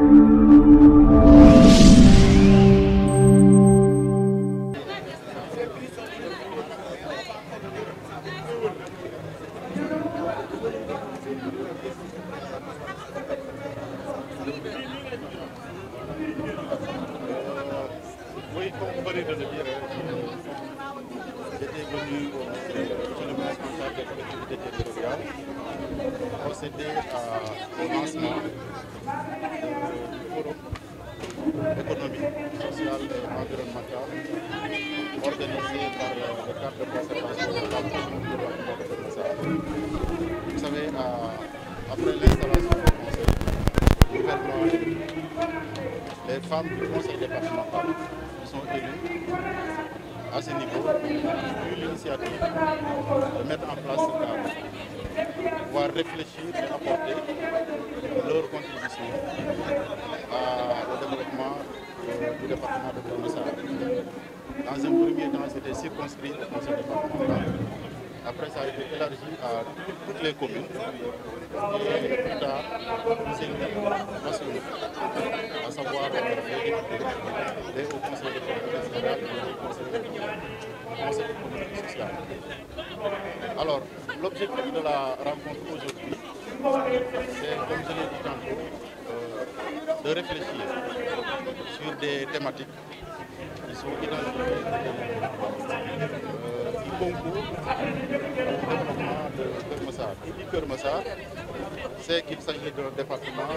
you de Dans un premier temps, c'était circonscrit au conseil Après, ça a été élargi à toutes les communes. Et plus tard, c'est à savoir euh, les hauts le conseil Alors, l'objectif de la rencontre aujourd'hui, c'est, comme je l'ai dit de réfléchir sur des thématiques qui sont identifiées qui concourent au développement de Kermessar. c'est qu'il s'agit d'un département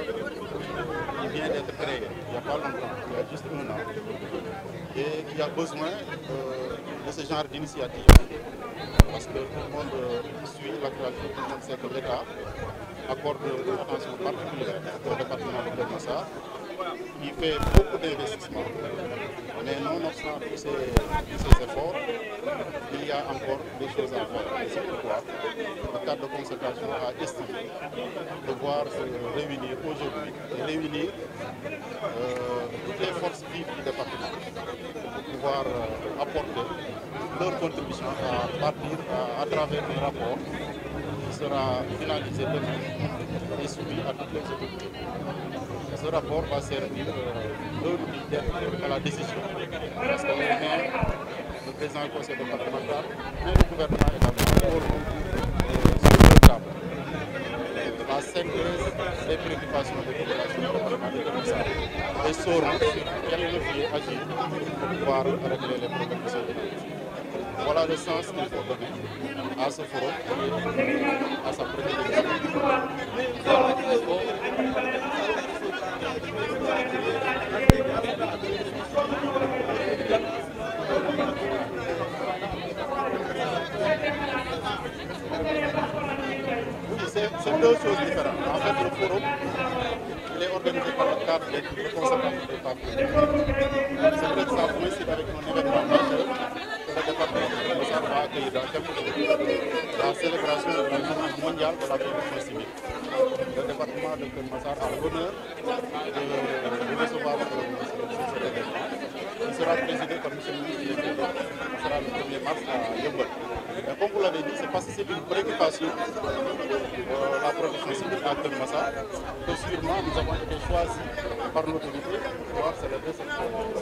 qui vient d'être créé il n'y a pas longtemps, il y a juste un an, et qui a besoin euh, de ce genre d'initiative. Parce que tout le monde suit l'actualité, création le monde sait accorde une attention particulière au département de Massa, Il fait beaucoup d'investissements. Mais nonobstant tous ces, efforts, il y a encore des choses à faire. C'est pourquoi le cadre de concertation a estimé devoir se réunir aujourd'hui réunir euh, toutes les forces vives du département pour pouvoir euh, apporter leur contribution à partir à, à travers les rapports sera finalisé demain et soumis à toutes les autorités. Ce rapport va servir euh, de à la décision. Parce que le maire, le président du conseil départemental, et le gouvernement et la sur le La synthèse des préoccupations des populations et sauront sur quel levier agir pour pouvoir régler les problèmes de voilà le sens qu'il faut donner à ce forum, à sa deux choses différentes. En fait, le forum, il est organisé par le cadre le des l'État. Et dans quelques la célébration de la journée mondiale de la protection civile. Le département de Kër a l'honneur de, recevoir ministre. de Il sera présidé par M. le ministre de sera le 1er mars à Yembol. Comme vous l'avez dit, c'est parce que c'est une préoccupation pour euh, la protection civile à Kër que sûrement nous avons été choisis par l'autorité pour voir célébrer cette journée.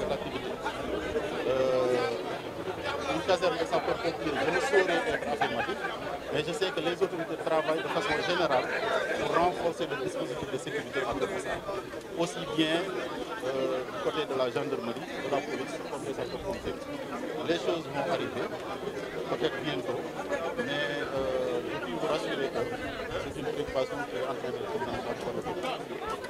les autorités travaillent de façon générale pour renforcer le dispositif de sécurité en Dakar, aussi bien euh, du côté de la gendarmerie, de la police, comme des conseils. Les choses vont arriver, peut-être bientôt,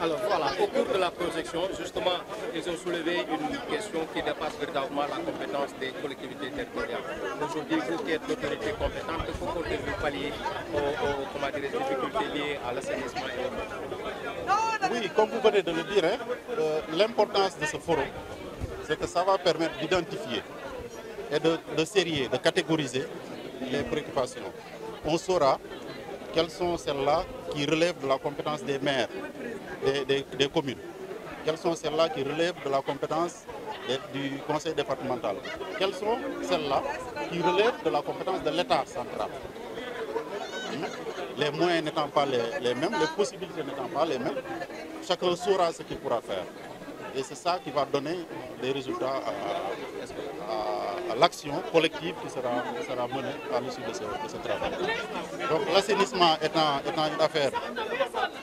Alors voilà, au cours de la projection, justement, ils ont soulevé une question qui dépasse véritablement la compétence des collectivités territoriales. Aujourd'hui, vous qui êtes l'autorité compétente, il faut vous pallier aux, comment dire, les difficultés liées à l'assainissement et Oui, comme vous venez de le dire, hein, euh, l'importance de ce forum, c'est que ça va permettre d'identifier et de, de, sérier, de catégoriser les préoccupations. On saura quelles sont celles-là qui relèvent de la compétence des maires, des, communes Quelles sont celles-là qui relèvent de la compétence du conseil départemental Quelles sont celles-là qui relèvent de la compétence de l'État central hmm? les moyens n'étant pas les, mêmes, les possibilités n'étant pas les mêmes, chacun saura ce qu'il pourra faire. Et c'est ça qui va donner des résultats à l'action collective qui sera, menée à l'issue de, de ce, travail. Donc l'assainissement étant, une affaire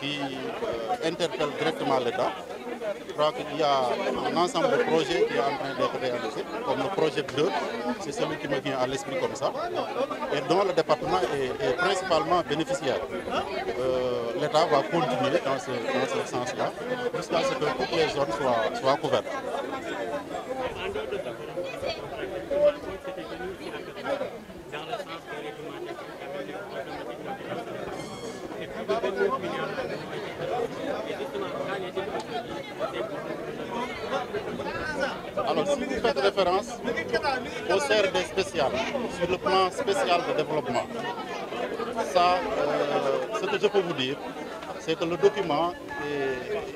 qui euh, interpelle directement l'État, je crois qu'il y a un ensemble de projets qui est en train d'être réalisé, comme le projet 2, c'est celui qui me vient à l'esprit comme ça, et dont le département est, principalement bénéficiaire. Euh, L'État va continuer dans ce, sens-là, jusqu'à ce que toutes les zones soient couvertes. Alors, si vous faites référence au CRD spécial, sur le plan spécial de développement, ça, euh, ce que je peux vous dire, c'est que le document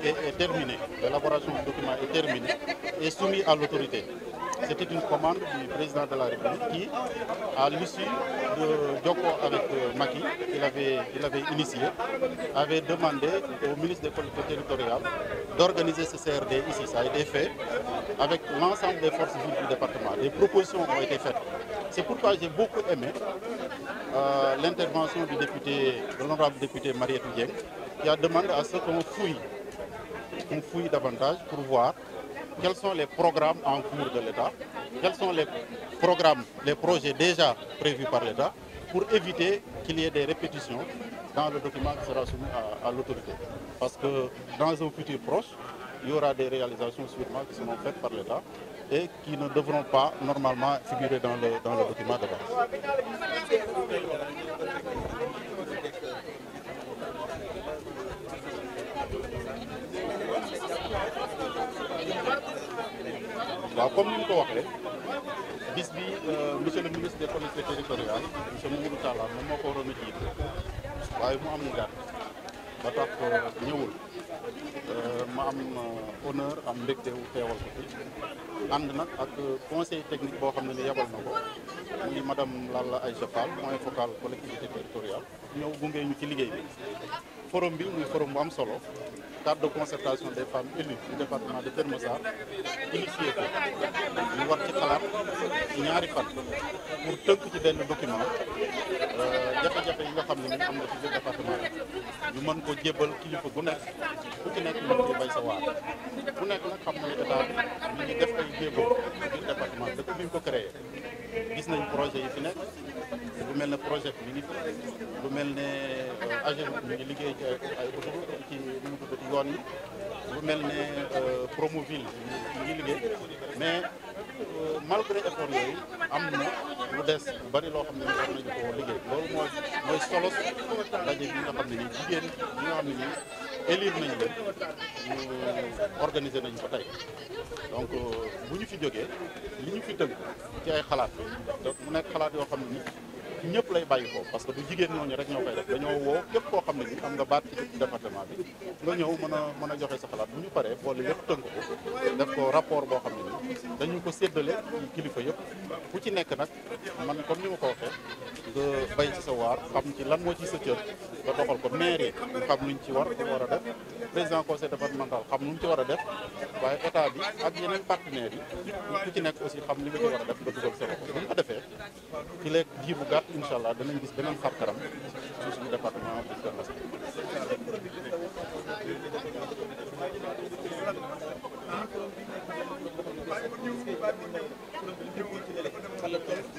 est, est terminé, l'élaboration du document est terminée et soumis à l'autorité. C'était une commande du président de la République qui, à l'issue de Djoko avec euh, Maki, il avait, il avait initié, avait demandé au ministre des politiques territoriales d'organiser ce CRD ici. Ça a été fait avec l'ensemble des forces du département. Des propositions ont été faites. C'est pourquoi j'ai beaucoup aimé euh, l'intervention du député, de l'honorable député Marie Toudien, qui a demandé à ce qu'on fouille, qu'on fouille davantage pour voir quels sont les programmes en cours de l'État, quels sont les programmes, les projets déjà prévus par l'État pour éviter qu'il y ait des répétitions dans le document qui sera soumis à, l'autorité. Parce que dans un futur proche, il y aura des réalisations sûrement qui seront faites par l'État et qui ne devront pas normalement figurer dans le, dans le document de base. waaw comme ni mu ko waxee bis bi euh, monsieur le ministre des collectivités territoriales monsieur Mamadou Talla moom moo ko waroon a jiite waaye mu am ngat ba tax ñëwul euh, ma am euh, honneur am mbégte wu teewal ko fi ànd nag ak conseil technique boo xam ne ni yebal na ko muy madame Lalla Aïcha Fall mooy focal collectivité territoriale ñëw gunge ñu ci liggéey bi forum bi muy forum bu am solo cadre de concertation des femmes élues du de Kër Massar initié ko ñu war ci xalaat ñaari fan pour tënk ci benn document euh, jafe-jafe yi nga xam ne ñu am na ci biir département ñu mën ko jébbal kilifa gu nekk ku ci nekk mën ko bay sa waar ku nekk nag xam na état bi ñu ngi def ay jéego biir département dëkk bi ñu ko créé gis nañ projet yi fi nekk lu mel ne projet bi mi lu mel ne AGEROUTE mi ngi liggéey ci ay autoroute ci nu mu tuddati yoon yi lu mel ne euh, Promoville mi ngi liggéey mais euh, malgré effort yooyu am na lu des lu bari loo xam ne war nañu ko liggéey loolu mooy mooy solo daje nga xam ne nii jigéen ñi nga xam ne nii élire nañ leen ñu organiser nañ ko tey donc bu ñu fi jógee li ñu fi tënk ci ay xalaat donc mu nekk xalaat yoo xam ne ni ñëpp lay bàyyi ko parce que du jigéen ñooñu rek ñoo koy def dañoo woo képp koo xam ne ni am nga baat ci département bi nga ñëw mën a mën a joxe sa xalaat bu ñu paree boole yëpp tënk ko def ko rapport boo xam ne ni dañu ko séddale ci kilifa yëpp ku ci nekk nag man comme ni ma ko waxee nga bay ci sa waar xam ci lan moo ci sa ba doxal ko mairie xam ñu ci war war a def président conseil départemental xam luñ ci war a def waaye état bi ak yeneen partenaires yi ku ci nekk aussi xam li nga ci war a def ba dugal sa bu ñu ko defee ci leeg ji bu gàtt incha allah danañ gis beneen xar karam ci suñu département bu Kër Masar. Thank you.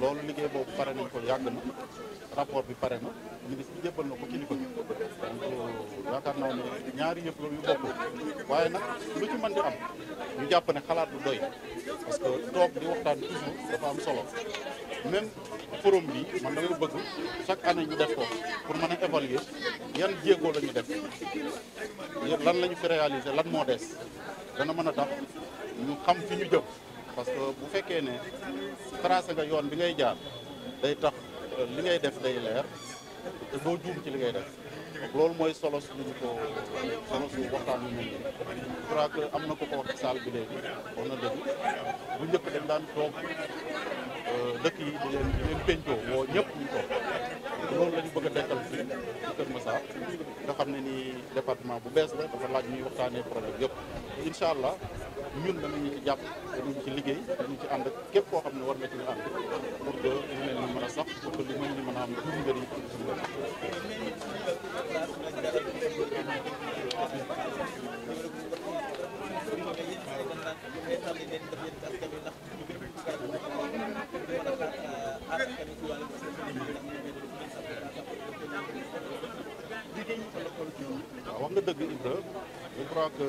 loolu liggéey boobu pare nañ ko yàgg na rapport bi pare na ministre bi jébbal na donc yaakaar naa ñaari yëpp loolu yu bokkul waaye nag lu ci mën di am ñu jàpp ne xalaat du doy parce que toog di waxtaan toujours dafa am solo même forum bi man damay bëgg chaque année ñu def ko pour évaluer yan def lan fi réaliser lan dana tax ñu xam fi ñu jëm parce que bu fekkee ne tracé nga yoon bi ngay jaar day tax euh, li ngay def day leer te doo juum ci li ngay def loolu mooy solo suñu ko solo suñu waxtaan wi ñu je na ko ko wax ci salle bi bu njëkk dañ daan toog euh, dëkk yi di leen di leen pencoo woo ñëpp ñu toog loolu la ñu a dekkal fii ci Kër Massar nga xam ne nii département bu bees la dafa laaj ñuy waxtaanee problème yëpp incha allah. ñun danañu ci jàpp danañu ci liggéey danañu ci ànd ak képp koo xam war na ci ànd pour que li leen mën a sax pour que li mën ñu mën am pour njëriñ je crois que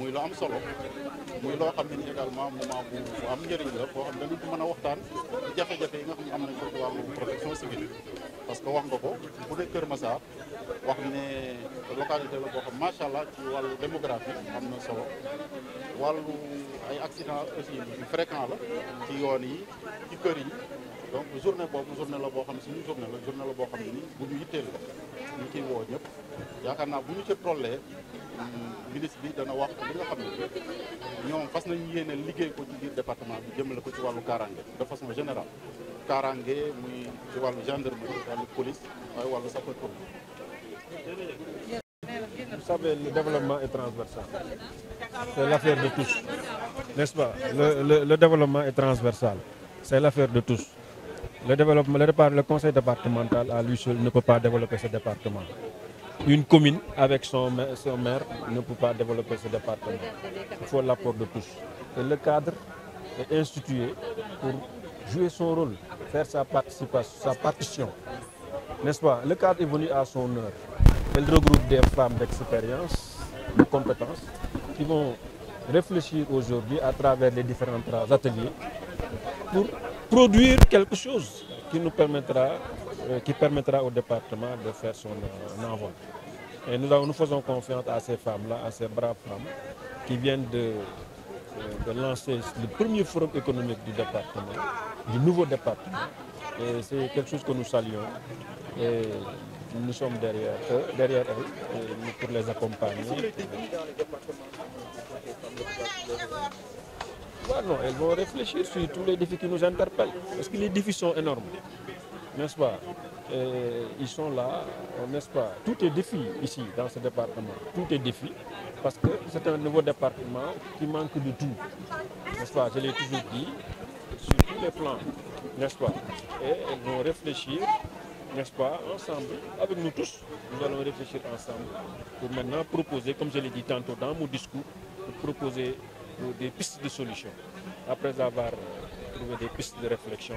muy lu am solo muy loo xam ne ni également moment bu am njëriñ la boo xam ne dañu mën a waxtaan jafe-jafe yi nga xam ne am nañ ko ci wàllu protection civile parce que wax nga ko bu dee Kër wax ne localité la boo xam macha allah ci wàllu am na solo wàllu ay accident aussi yu fréquent la ci yoon yi ci kër yi donc journée boobu journée la boo xam ne suñu journée la journée la boo xam ne ni bu ñu yitteel la ñu ciy woo ñëpp yaakaar naa bu ñu ci tollee ministre bi dana wax nga fas nañu département bi ko ci de façon générale kaaraange muy gendarmerie police Vous savez, le développement est transversal. C'est l'affaire de tous. N'est-ce pas le, le, développement est transversal. C'est l'affaire de tous. Le, développement, le conseil départemental à lui seul ne peut pas développer ce département une commune avec son, son, maire ne peut pas développer ce département. Il faut l'apport de tous. Et le cadre est institué pour jouer son rôle, faire sa participation, sa partition. N'est-ce pas Le cadre est venu à son heure. Elle regroupe des femmes d'expérience, de compétences, qui vont réfléchir aujourd'hui à travers les différents ateliers pour produire quelque chose qui nous permettra euh, qui permettra au département de faire son euh, envol. Et nous, nous faisons confiance à ces femmes-là, à ces braves femmes qui viennent euh, de, lancer le premier forum économique du département, du nouveau département. Et c'est quelque chose que nous saluons. Et nous sommes derrière derrière elles, pour les accompagner. elles vont réfléchir sur tous les défis qui nous interpellent, parce que les défis sont énormes n'est-ce pas Ils sont là, n'est-ce pas Tout est défi ici, dans ce département. Tout est défi, parce que c'est un nouveau département qui manque de tout, n'est-ce pas Je l'ai toujours dit, sur tous les plans, n'est-ce pas Et ils vont réfléchir, n'est-ce pas, ensemble, avec nous tous, nous allons réfléchir ensemble pour maintenant proposer, comme je l'ai dit tantôt dans mon discours, proposer des pistes de solutions. Après avoir trouvé des pistes de réflexion,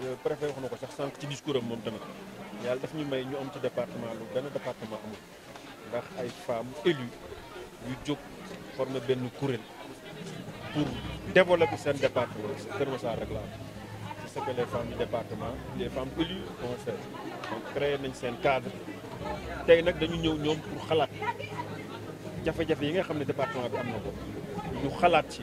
Euh, préfet wax na ko sax sànq ci discours am mom tamit yalla daf ñu may ñu am ci département lu benn département amul ndax ay femmes élues yu jóg former benn kuréel pour développer seen département Kër Massar rek la am c'est ce que les femmes du département les femmes élues ont fait donc créer nañ sen cadre tey nak dañu ñëw ñom pour xalat jafé jafé yi nga xamné département bi am na ko ñu xalat ci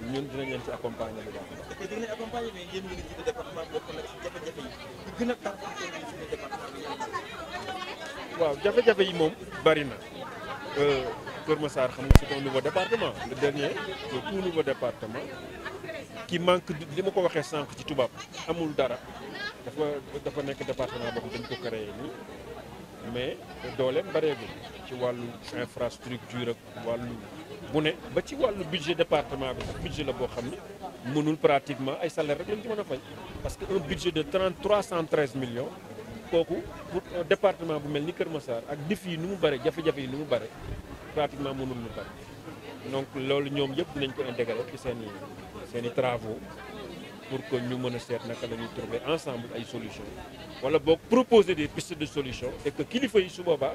ñun dinañ leen accompagner a baax. ok yi waaw jafe-jafe yi moom bari na euh, Kër Massar xam nga c'est ko nouveau département le dernier le tout nouveau département manque li ma ko waxee sànq ci tubaab amul dara dafa dafa nekk département boobu dañ ko créé nii mais dooleem bareegul ci wàllu infrastructure ak wàllu. bu ne ba ci walu budget département bi budget la boo xam ne mënul pratiquement ay salaire rek lañ ci mën a fay parce que un budget de 30 313 millions kooku pour département bu mel ni Kër Massar ak dif yi nu mu bare jafe-jafe yi nu mu bare pratiquement mënul lu bare donc loolu ñoom yëpp dinañ ko intégrer ci seen i seen i travaux pour que ñu mën a seet naka la ñuy trouver ensemble ay solutions wala boog proposer des pistes de solutions et que kilifa yi su boobaa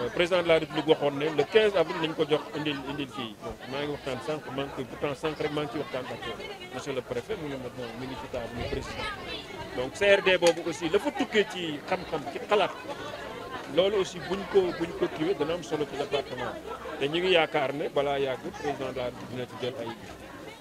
Euh, président de la république waxoon ne le 15 avril nañ ko jox indil indil fi donc maa ngi waxtaan sank maa ngi pourtant sànq rek maa ngi ci waxtaan ak monsieur le préfet mu ñu ma bon ministre mu président donc CRD bobu aussi la fa tukkee ci xam-xam ci xalat lolu aussi buñ ko buñ ko kiiwee dana am solo ci département té ñi ngi yaakar né bala yaag président de la république dina ci jël ay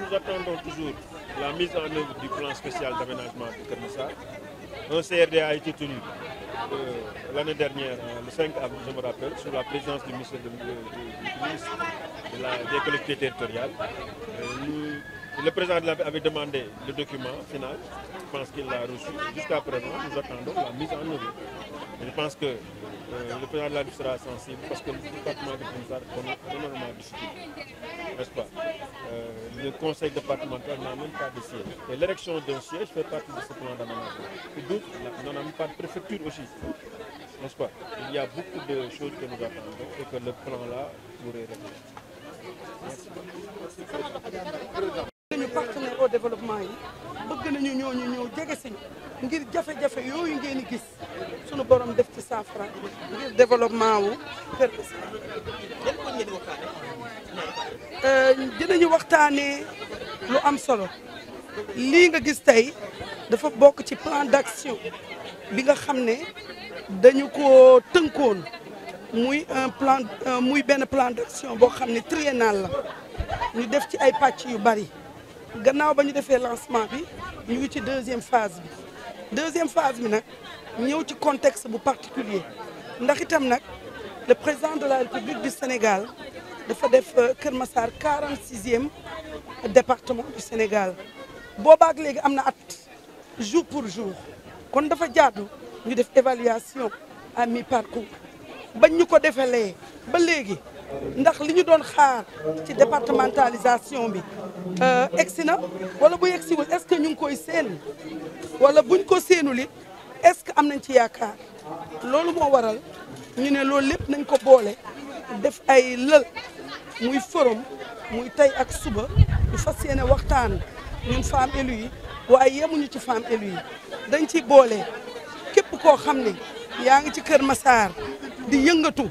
nous attendons toujours la mise en œuvre du plan spécial d'aménagement de Kernissa. Un CRD a été tenu euh, l'année dernière, hein, le 5 avril, je me rappelle, sous la présence du ministre de, la, des collectivités territoriales. Euh, le président avait demandé le document final, je pense qu'il l'a reçu. Jusqu'à présent, nous attendons la mise en œuvre. Je pense que le président de la sera sensible parce que le département de Kinsar énormément de N'est-ce pas Le conseil départemental n'a même pas de siège. Et l'élection d'un siège fait partie de ce plan d'aménagement. D'autres n'en n'a même pas de préfecture aussi. N'est-ce pas Il y a beaucoup de choses que nous attendons et que le plan-là pourrait régler. Merci ngir jafé jafé des ngeen gis sunu borom def ci ngir développement wu euh, lu am solo nga gis plan d'action bi nga un plan euh, plan d'action triennal ñu def ci ay yu bari gannaaw fait lancement bi ñu ngi deuxième phase deuxième phase nous avons un contexte particulier Nous avons le président de la République du Sénégal le def 46e euh, département du Sénégal Il léegi a jour pour jour Quand dafa jaadu ñu def évaluation à mi-parcours nous avons fait ndax li ñu doon xaar ci départementalisation bi euh, egsi na wala bu egsiwul est-ce que ñu ngi koy seen wala buñ ko seenul li est-ce que am nañ ci yaakaar loolu moo waral ñu ne loolu lépp nañ ko boole def ay lël muy forom muy tey ak suba ñu fas yéene waxtaan ñun femmes élues yi waaye yemuñu ci femmes élues yi dañ ci boole képp koo xam ne yaa ngi ci Kër Massar di yëngatu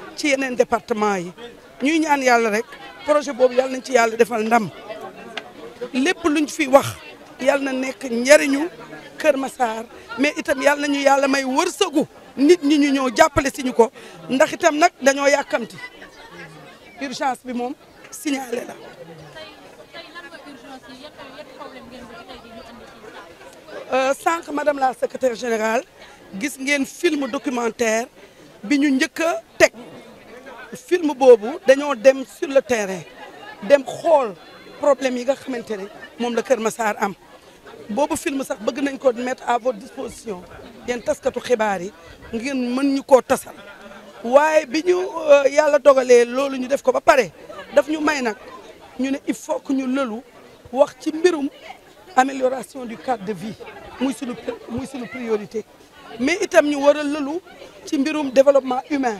ci yeneen département yi ñuy ñaan yàlla rek projet boobu yàlla nañ ci yàlla defal ndam lépp luñ fi wax yàlla na nekk njëriñu Kër Massar mais itam yàlla nañu yàlla may wërsëgu nit ñi ñu ñëw jàppale si ñu ko ndax itam nag dañoo yàkkamti urgence bi moom signalé la. Euh, sànq madame la secretaire général gis ngeen film documentaire bi ñu njëkk a teg. film boobu dañoo dem sur le terrain dem xool problème yi nga xamante ne moom la Kër masaar am boobu film sax bëgg nañ ko mettre à votre disposition yéen taskatu xibaar yi ngeen mën ñu koo tasal waaye bi ñu euh, yàlla dogalee loolu ñu def ko ba pare daf ñu may nag ñu ne il faut que ñu lëlu wax ci mbirum amélioration du cadre de vie muy suñu muy suñu priorité mais itam ñu war a lëlu ci mbirum développement humain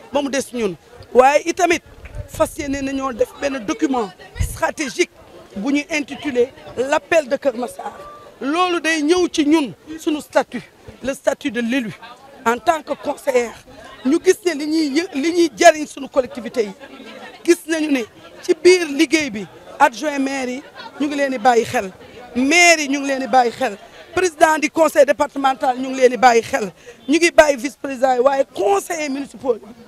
Nous avons fait ñun document stratégique pour intitulé l'appel de Kermassar. C'est statut le statut de l'élu en tant que conseillère Nous avons ne collectivité adjoint maire ñu ngi nous président du conseil départemental nous Nous vice président conseillers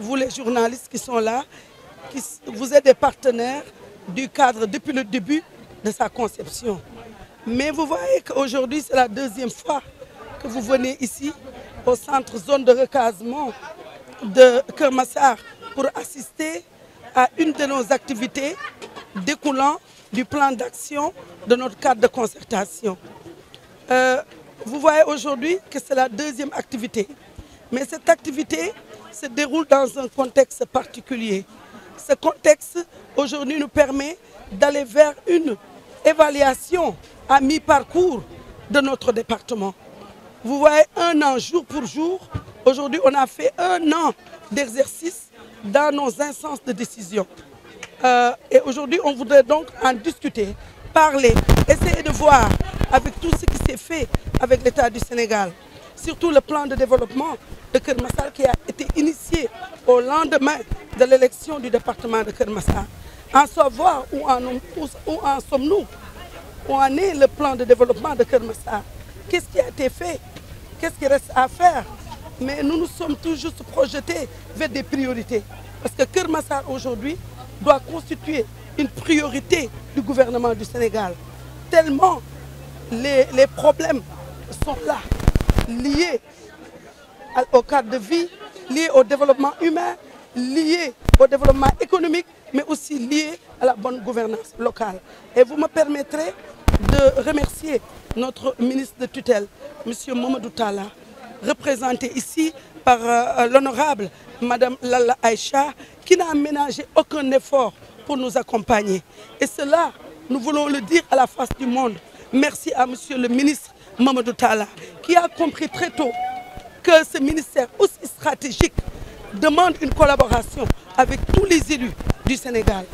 vous les journalistes qui sont là, qui, vous êtes des partenaires du cadre depuis le début de sa conception. Mais vous voyez qu'aujourd'hui, c'est la deuxième fois que vous venez ici, au centre zone de recasement de Kermassar, pour assister à une de nos activités découlant du plan d'action de notre cadre de concertation. Euh, vous voyez aujourd'hui que c'est la deuxième activité. Mais cette activité se déroule dans un contexte particulier. Ce contexte, aujourd'hui, nous permet d'aller vers une évaluation à mi-parcours de notre département. Vous voyez, un an, jour pour jour, aujourd'hui, on a fait un an d'exercice dans nos instances de décision. Euh, et aujourd'hui, on voudrait donc en discuter, parler, essayer de voir avec tout ce qui s'est fait avec l'État du Sénégal, surtout le plan de développement de Kermassar qui a été initié au lendemain de l'élection du département de Kermassar. En savoir où en, sommes-nous Où en est le plan de développement de Kermassar Qu'est-ce qui a été fait Qu'est-ce qui reste à faire Mais nous nous sommes toujours projetés vers des priorités. Parce que Kermassar aujourd'hui doit constituer une priorité du gouvernement du Sénégal. Tellement les problèmes sont là, liés au cadre de vie, lié au développement humain, lié au développement économique, mais aussi lié à la bonne gouvernance locale. Et vous me permettrez de remercier notre ministre de tutelle, M. Mamadou Tala, représenté ici par euh, euh, l'honorable Mme Lala Aïcha, qui n'a aménagé aucun effort pour nous accompagner. Et cela, nous voulons le dire à la face du monde. Merci à M. le ministre Mamadou Tala, qui a compris très tôt que ce ministère aussi stratégique demande une collaboration avec tous les élus du Sénégal.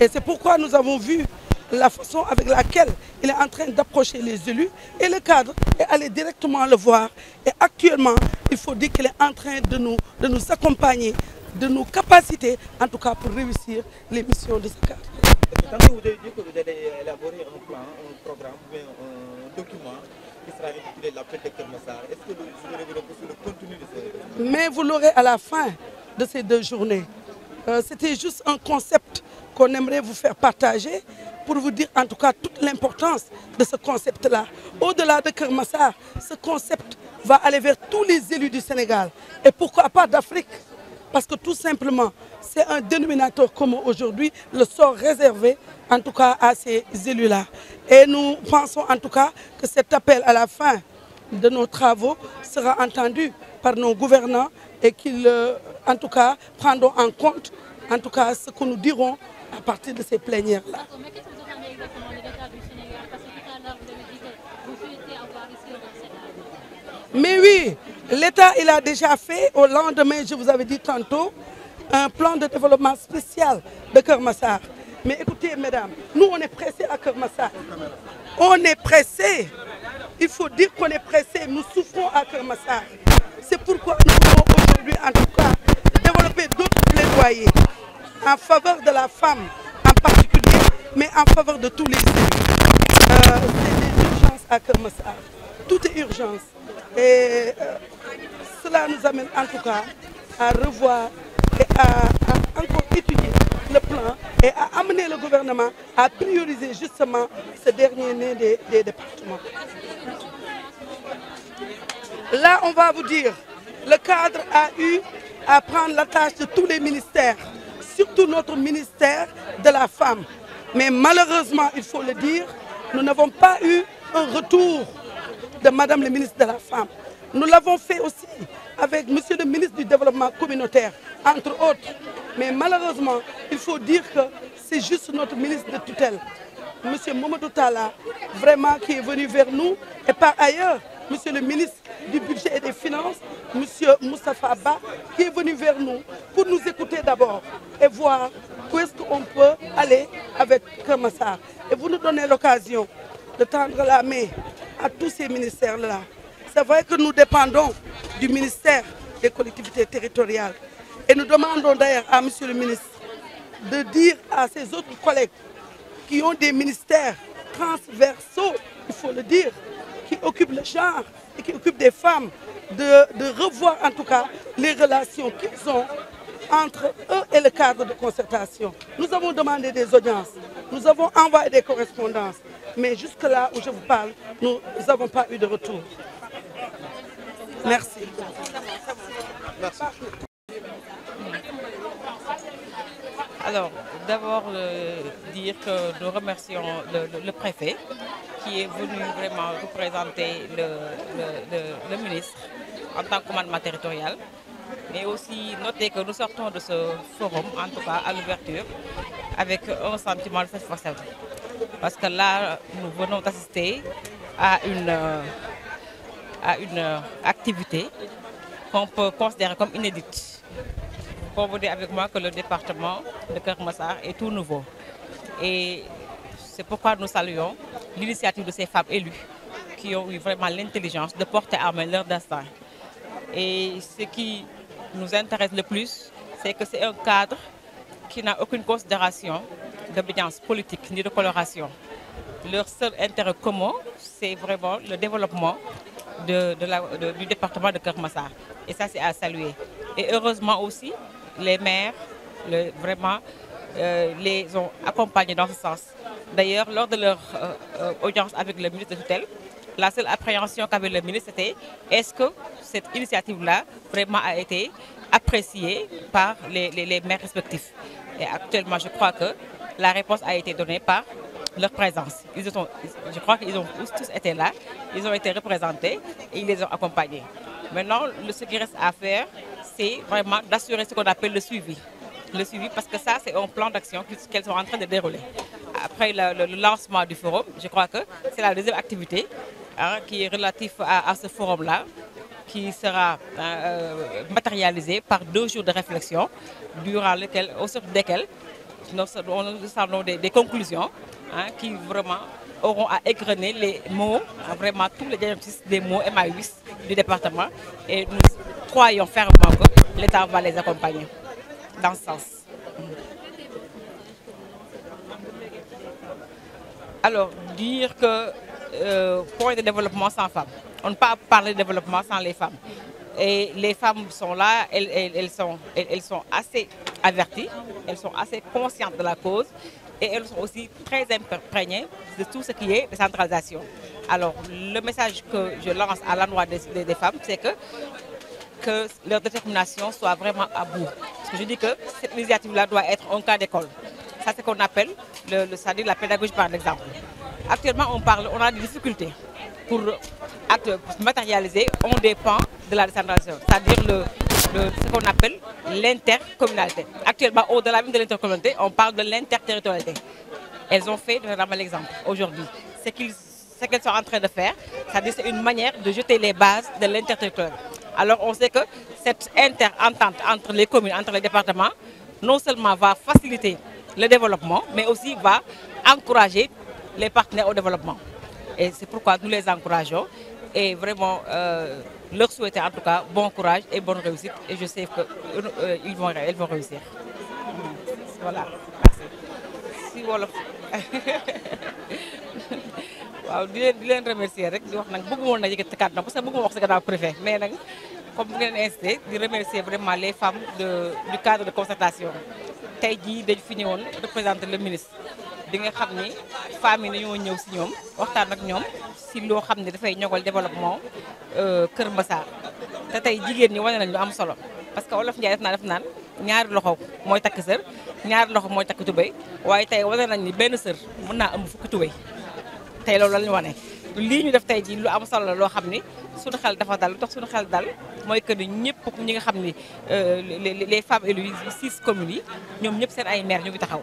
Et c'est pourquoi nous avons vu la façon avec laquelle il est en train d'approcher les élus et le cadre est allé directement le voir. Et actuellement, il faut dire qu'il est en train de nous, de nous accompagner, de nous capaciter, en tout cas pour réussir les missions de ce cadre. Vous avez dit que vous allez élaborer un plan, un programme, un document mais vous l'aurez à la fin de ces deux journées. Euh, c'était juste un concept qu'on aimerait vous faire partager pour vous dire en tout cas toute l'importance de ce concept-là. Au-delà de Kermassar, ce concept va aller vers tous les élus du Sénégal. Et pourquoi pas d'Afrique Parce que tout simplement, c'est un dénominateur commun aujourd'hui, le sort réservé en tout cas à ces élus-là. Et nous pensons en tout cas que cet appel à la fin de nos travaux sera entendu par nos gouvernants et qu'ils euh, en tout cas prendront en compte en tout cas ce que nous dirons à partir de ces plénières-là. Mais oui, l'État, il a déjà fait, au lendemain, je vous avais dit tantôt, un plan de développement spécial de Kermassar. Mais écoutez, mesdames, nous, on est pressés à Kermassar. On est pressés. Il faut dire qu'on est pressés. Nous souffrons à Kermassar. C'est pourquoi nous voulons aujourd'hui, en tout cas, développer d'autres loyers en faveur de la femme en particulier, mais en faveur de tous les hommes. Euh, c'est une à Kermassar. Tout est urgence. Et euh, cela nous amène en tout cas à revoir et à, encore étudier le plan et à amener le gouvernement à prioriser justement ce dernier né des, départements. Là, on va vous dire, le cadre a eu à prendre la tâche de tous les ministères, surtout notre ministère de la femme. Mais malheureusement, il faut le dire, nous n'avons pas eu un retour de Madame le ministre de la Femme. Nous l'avons fait aussi avec M. le ministre du Développement communautaire, entre autres. Mais malheureusement, il faut dire que c'est juste notre ministre de tutelle, M. Momodou Tala, vraiment qui est venu vers nous. Et par ailleurs, Monsieur le ministre du Budget et des Finances, Monsieur Moustapha Abba, qui est venu vers nous pour nous écouter d'abord et voir où est-ce qu'on peut aller avec ça. Et vous nous donnez l'occasion de tendre la main à tous ces ministères-là. C'est vrai que nous dépendons du ministère des collectivités territoriales. Et nous demandons d'ailleurs à Monsieur le ministre de dire à ses autres collègues qui ont des ministères transversaux, il faut le dire, qui occupent le genre et qui occupent des femmes, de revoir en tout cas les relations qu'ils ont entre eux et le cadre de concertation. Nous avons demandé des audiences, nous avons envoyé des correspondances, mais jusque-là où je vous parle, nous n'avons pas eu de retour. Merci. Alors, d'abord euh, dire que nous remercions le, préfet qui est venu vraiment représenter le, ministre en tant que commandement territorial. Mais aussi noter que nous sortons de ce forum, en tout cas à l'ouverture, avec un sentiment de Parce que là, nous venons d'assister à une... Euh, à une euh, activité qu'on peut considérer comme inédite. Pour vous dire avec moi que le département de Kermassar est tout nouveau. Et c'est pourquoi nous saluons l'initiative de ces femmes élues qui ont eu vraiment l'intelligence de porter à main leur destin. Et ce qui nous intéresse le plus, c'est que c'est un cadre qui n'a aucune considération d'obédience politique ni de coloration. Leur seul intérêt commun, c'est vraiment le développement du département de Kermassar. Et ça, c'est à saluer. Et heureusement aussi, les maires vraiment euh, les ont accompagnés dans ce sens. D'ailleurs, lors de leur euh, euh, audience avec le ministre de l'Hôtel, la seule appréhension qu'avait le ministre, c'était est-ce que cette initiative-là vraiment a été appréciée par les maires respectifs. Et actuellement, je crois que la réponse a été donnée par leur présence. Ils je crois qu'ils ont tous été là, ils ont été représentés et ils les ont accompagnés. Maintenant, ce qui reste à faire, c'est vraiment d'assurer ce qu'on appelle le suivi. Le suivi, parce que ça, c'est un plan d'action qu'elles sont en train de dérouler. Après le, lancement du forum, je crois que c'est la deuxième activité hein, qui est relative à, ce forum-là qui sera hein, euh, matérialisée par deux jours de réflexion durant lesquels, au sort desquels nous, nous, nous des conclusions Hein, qui vraiment auront à égrener les mots, vraiment tous les diagnostics des mots MAUIS du département. Et nous croyons fermement que l'État va les accompagner dans ce sens. Mm. Alors, dire que euh, point de développement sans femmes. On ne peut pas parler de développement sans les femmes. Et les femmes sont là, elles, sont, elles sont assez averties, elles sont assez conscientes de la cause et elles sont aussi très imprégnées de tout ce qui est décentralisation. Alors, le message que je lance à la des, des, femmes, c'est que, que leur détermination soit vraiment à bout. je dis que cette initiative-là doit être en cas d'école. Ça, c'est ce qu'on appelle le, le la pédagogie par exemple. Actuellement, on parle, on a des difficultés pour, se matérialiser, on dépend de la décentralisation, c'est-à-dire le, de ce qu'on appelle l'intercommunalité. Actuellement, au-delà de l'intercommunalité, on parle de l'interterritorialité. Elles ont fait, la vraiment l'exemple aujourd'hui. Ce qu'elles sont en train de faire, c'est une manière de jeter les bases de l'interterritorialité. Alors on sait que cette inter-entente entre les communes, entre les départements, non seulement va faciliter le développement, mais aussi va encourager les partenaires au développement. Et c'est pourquoi nous les encourageons. Et vraiment, euh, leur souhaiter en tout cas bon courage et bonne réussite. Et je sais qu'elles euh, ils vont, réussir. Voilà, merci. Si wolof waaw di leen di remercier rek di wax nag bëgg woon na yëkkati kàddu parce que bëgg wax si préfet mais nag comme vous ngeen incité di remercier vraiment les femmes de du cadre de concertation tey jii dañ fi ñëwoon représenter le ministre di nga xam ni femmes yi dañoo ñëw si ñoom waxtaan ak ñoom si loo xam ne dafay ñogal développement euh, Kër Massar te tey jigéen ñi wane nañ lu am solo parce que olof Ndiaye def naa def naan ñaari loxo mooy takk sër ñaari loxo mooy takk tubéy waaye tey wane nañ ni benn sër mën naa ëmb fukki tubéy tey loolu lañu wane lii ñu def tey ji lu am solo la loo xam ni suñu xel dafa dal lu tax suñu xel dal mooy que ni ñëpp ñi nga xam ni euh, les femmes élues six communes yi ñoom ñëpp seen ay maire ñu ngi taxaw